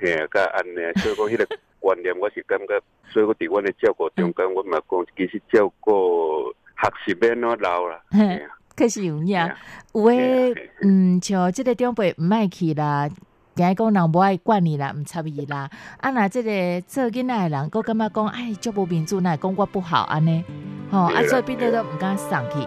嘿、啊，噶安尼，所以講迄個觀念我是感覺，所以個對我咧照顧中間，我嘛講，其實照顧學習變喏老啦。嘿、啊，可、嗯、是、啊、有影有誒，嗯，像即個長輩唔愛去啦，驚講人無愛管你啦，唔插伊啦。啊，那、啊、即、啊啊這個做囝仔誒人，我感覺講，哎，就不民主，那講我不好安尼吼，啊，做領導都唔敢上去。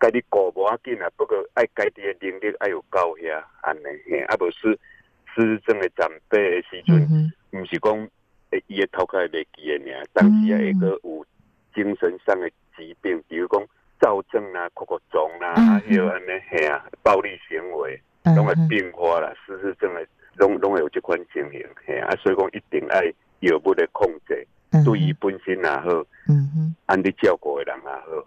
家己顧無要緊啊，不過愛家己嘅能力愛有夠吓，安尼吓。阿、啊不，嗯、不是失智嘅長輩嘅時陣，毋是講誒伊嘅頭殼會未記誒爾，當時啊一個有精神上的疾病，比如講躁症啊、狂狂症啊，迄安尼吓暴力行為，攏會變化啦。失智症嘅攏攏會有即款情形吓，啊，所以講一定愛藥物的控制，嗯、對於本身也好，嗯哼，安尼照顧嘅人也好。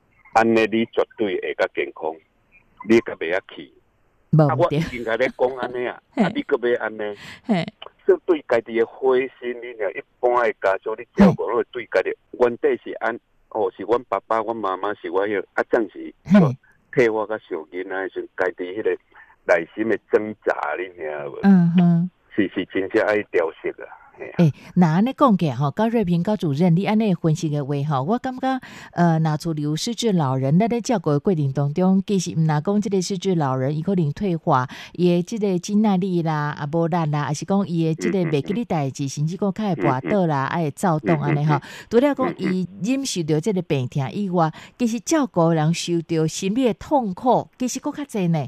安尼你絕對會較健康，你個不要去。啊，我應該在講安尼啊，啊，你個不安尼。嘿。相對家己嘅灰心，你啊，一般嘅家屬你照顧，相 對家己，我底是按，哦，是阮爸爸，我媽媽是阮、那個阿丈子，嘿、啊。 嗯、我個小囡仔，相對迄個內心嘅掙扎，你聽有無？嗯哼。是是，是真正愛凋謝誒，若安尼講起吼，高瑞平高主任，你安尼分析嘅話，吼，我感覺，呃，若從留失智老人咧咧照顧誒過程當中，其實毋若講，即個失智老人伊可能退化，伊誒即個精力力啦，啊，無力啦，抑是講伊誒即個袂記啲代志，甚至閣較會跋倒啦，愛躁動安尼吼，除了講伊忍受着即個病痛以外，其實照顧人受着心理誒痛苦，其實閣較多呢。